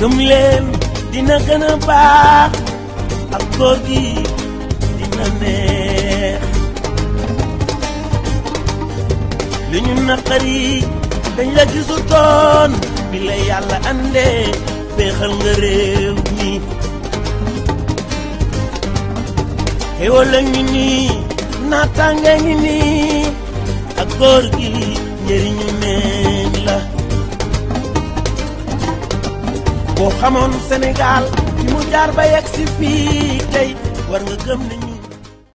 gëm leen dina gën a baax ak góor gi dina neex li ñu naqari dañ la gisutoon bi la yàlla andee féexal nga réew mi xéwal a ngi nii naataange ak góor gi njëriñu boo xamoon Sénégal fi mu jaar ba yegg si war nga gëm